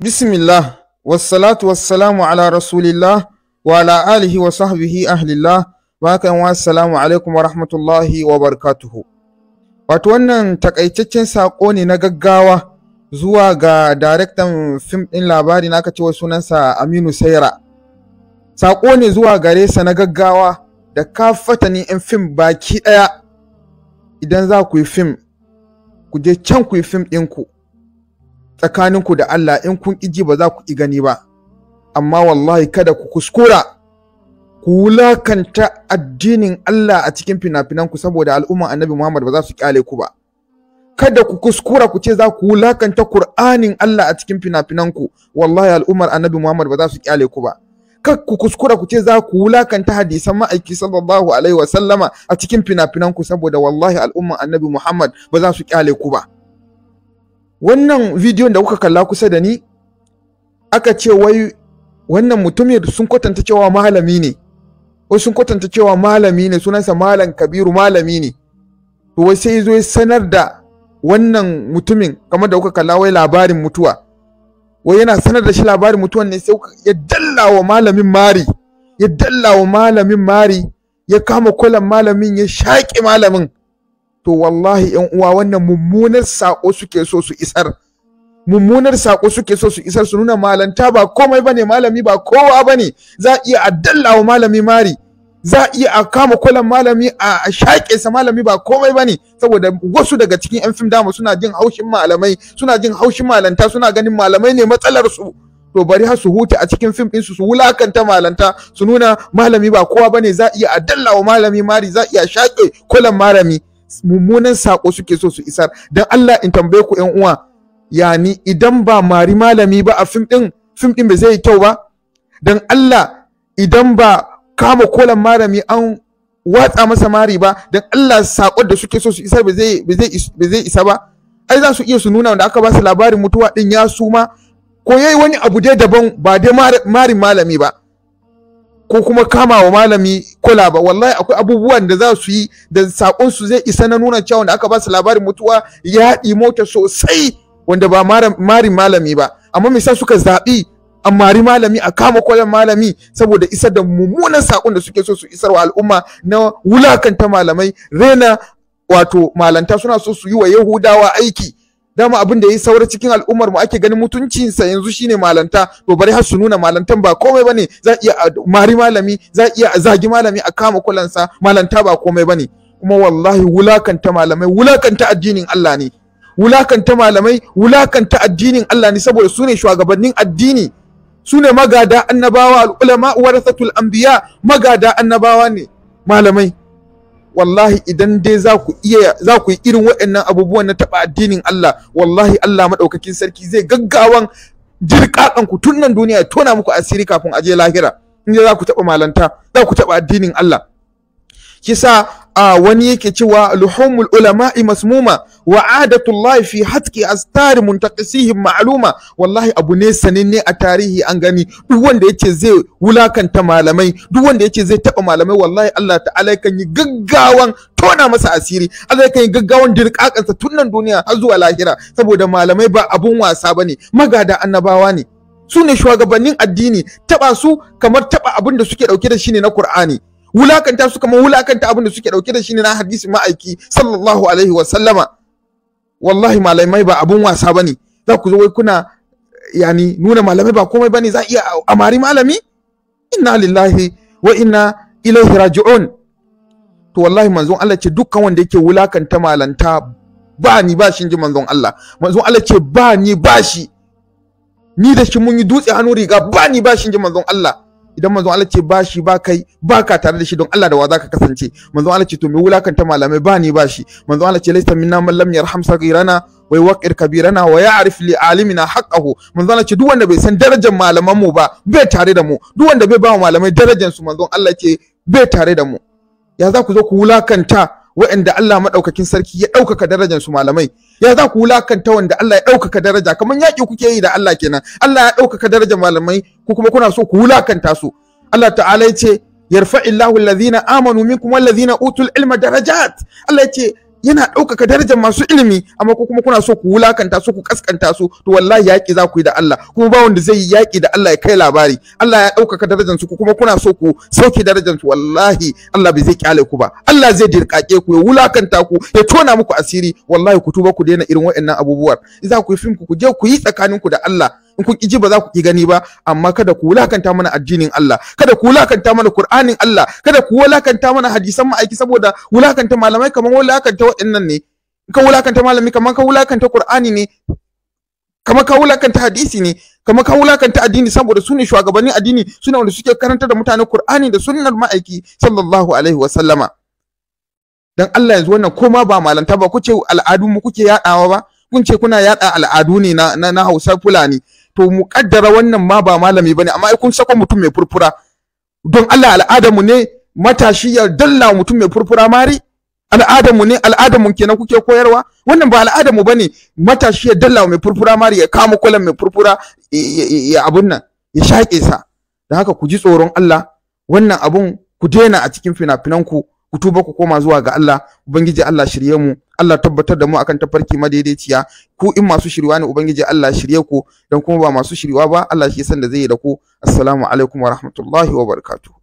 Bismillah, wassalatu wassalamu ala rasulillah wa ala alihi wa sahbihi ahlillah, bakan wa assalamu alaikum wa rahmatullahi wa barakatuhu. Wato wannan takaitaccen saƙo ne na gaggawa zuwa ga daraktan fim ɗin labari na cewa sunansa Aminu Saira. Saƙo ne zuwa gare sa na gaggawa da ka ni 'yan fim baki ɗaya idan za ku yi fim, ku je can ku yi fim ɗinku. tsakaninku da Allah in kun ji ba za ku ƙi gani ba amma wallahi kada ku kuskura ku wulakanta addinin Allah a cikin fina-finanku saboda al'umman annabi Muhammad ba za su ƙyale ku ba kada ku kuskura ku ce za ku wulakanta Kur'anin Allah a cikin fina-finanku wallahi al'ummar annabi Muhammad ba za su ƙyale ku ba kar ku kuskura ku ce za ku wulakanta hadisan ma'aiki sallallahu alaihi wa sallama a cikin finafinanku, finanku saboda wallahi al'ummar annabi Muhammad ba za su ƙyale ku ba wannan bidiyon da kuka kalla kusa da ni aka ce wai wannan mutumin sun kwatanta cewa malami ne wai sun kwatanta cewa malami ne sunansa malam kabiru malami ne to wai sai zo ya sanar da wannan mutumin kamar da kuka kalla wai labarin mutuwa wai yana sanar da shi labarin mutuwan ne sai ya dallawa malamin mari ya dallawa malamin mari ya kama kwalan malamin ya shaƙe malamin to wallahi yan uwa wannan mummunar sako suke so su isar mummunar sako suke so su isar su nuna malanta ba komai bane malami ba kowa bane za a iya addalla wa malami mari za a iya a kama kwalan malami a shaƙe sa malami ba komai bane saboda wasu daga cikin yan fim dama suna jin haushin malamai suna jin haushin malanta suna ganin malamai ne matsalar su to bari har su huta a cikin fim ɗinsu su wulakanta malanta su nuna malami ba kowa bane za a iya addalla wa malami mari za a iya shaƙe kwalan malami mummunan sako suke so su isar dan Allah in tambaye ku ƴan uwa yani idan ba mari malami ba a fim din fim din bai zai yi kyau ba dan Allah idan ba kama kolan malami an watsa masa mari ba dan Allah sakon da suke so su isar bai zai bai zai isa ba ai za su iya su nuna wanda aka ba su labarin mutuwa din ya suma ko yayi wani abu dai daban ba dai mari malami ba ko kuma kama wa malami kula ba wallahi akwai abubuwan da za su yi da sakon su zai isa na nuna cewa da aka ba su labarin mutuwa ya haɗi mota sosai wanda ba marin malami ba amma me suka zaɓi a mari malami a kama kwalan malami saboda isar da mummunan sakon da suke so su isar wa al'umma na wulakanta malamai rena wato malanta suna so su yi wa yahudawa aiki dama abin da ya saura cikin al'ummar mu ake ganin mutuncinsa yanzu shine malanta to bari har su nuna malantan ba komai bane za iya mari malami za iya zagi malami a kama kulansa malanta ba komai bane kuma wallahi wulakanta malamai wulakanta addinin Allah ne wulakanta malamai wulakanta addinin Allah ne saboda su ne shugabannin addini su ne magada annabawa al'ulama warathatul anbiya magada annabawa ne malamai wallahi idan dai za ku iya za ku yi irin waɗannan abubuwan na taɓa addinin Allah wallahi Allah maɗaukakin sarki zai gaggawan jirƙaƙan ku tun nan duniya ya tona muku asiri kafin aje lahira in za ku taɓa malanta za ku taɓa addinin Allah kisa a wani yake cewa luhumul ulama'i masmuma wa laifi haske hatki astari muntaqisihim ma'luma wallahi abu ne sananne a tarihi an gani duk wanda yace zai wulakanta malamai duk wanda yace zai taba malamai wallahi Allah ta'ala kan yi gaggawan tona masa asiri Allah kan yi gaggawan dirkakansa tun nan duniya har zuwa lahira saboda malamai ba abun wasa ba ne. magada annabawa ne su ne shugabannin addini taba su kamar taba abin da suke ɗauke da shi ne na Qur'ani wulakanta su kamar wulakanta abin da suke dauke da shi ne na hadisi ma'aiki sallallahu alaihi wa sallama wallahi malamai ba abun wasa bane za ku zo wai kuna yani nuna malamai ba komai bane za iya amari malami inna lillahi wa inna ilaihi raji'un to wallahi manzon Allah ce dukkan wanda yake wulakanta malanta ba ni ba shi ji manzon Allah manzon Allah ce ba ni ba shi ni da shi mun yi dutse hannu riga ba ni ba shi ji manzon Allah idan manzon Allah ce ba shi ba kai ba ka tare da shi don Allah da wa za ka kasance manzon Allah ce to me wulakanta malamai ba ni ba shi manzon Allah ce laysa minna man lam yarham sagirana wa yuqir kabirana wa ya'rif li alimina haqqahu manzon Allah ce duk wanda bai san darajar malaman mu ba bai tare da mu duk wanda bai ba malamai darajar su manzon Allah ce bai tare da mu ya za ku zo ku wulakanta waɗanda Allah madaukakin sarki ya ɗaukaka darajar su malamai ya za ku wulakanta wanda Allah ya ɗaukaka daraja kamar yaƙi kuke yi da Allah kenan Allah ya ɗaukaka darajar malamai ku kuma kuna so ku wulakanta su Allah ta'ala ya ce yarfa'illahu alladhina amanu minkum walladhina utul ilma darajat Allah ya ce yana ɗaukaka darajar masu ilimi amma ko kuma kuna so ku wulakanta su ku kaskanta su to wallahi yaƙi za ku yi da Allah kuma ba wanda zai yi yaƙi da Allah ya kai labari Allah ya ɗaukaka darajar su kuma kuna so ku sauke darajar su wallahi Allah bai zai kyale ku ba Allah zai dirƙaƙe ku ya wulakanta ku ya tona muku asiri wallahi ku tuba ku daina irin waɗannan abubuwan za ku yi fim ku je ku yi tsakaninku da Allah in kun ki ji ba za ku ki gani ba amma kada ku wulakanta mana addinin Allah kada ku wulakanta mana Qur'anin Allah kada ku wulakanta mana hadisan ma'aiki saboda wulakanta malamai kamar wulakanta waɗannan ne ka wulakanta malami kamar ka wulakanta Qur'ani ne kamar ka wulakanta hadisi ne kamar ka wulakanta addini saboda su ne shugabannin addini suna wanda suke karanta da mutane Qur'ani da sunnar ma'aiki sallallahu alaihi wa sallama dan Allah yanzu wannan koma ba malanta ba kuce al'adu mu kuke yadawa ba kun ce kuna yada al'adu ne na na Hausa Fulani to mu kaddara wannan ma ba malami bane amma ai kun sako mutum mai furfura don Allah al'adamu ne matashi ya dalla mutum mai furfura mari al'adamu ne al'adamu kenan kuke koyarwa wannan ba al'adamu bane matashi ya dalla mai furfura mari ya kama kwalan mai furfura ya abun nan ya shake sa da haka ku ji tsoron Allah wannan abun ku dena a cikin fina-finanku ku tuba ku koma zuwa ga Allah ubangiji Allah shirye mu Allah tabbatar da mu akan tafarki madaidaiciya ku in masu shiriwa ne ubangiji Allah shirye ku dan kuma ba masu shiriwa ba Allah shi san da zai yi da ku assalamu alaikum wa rahmatullahi wa barakatuh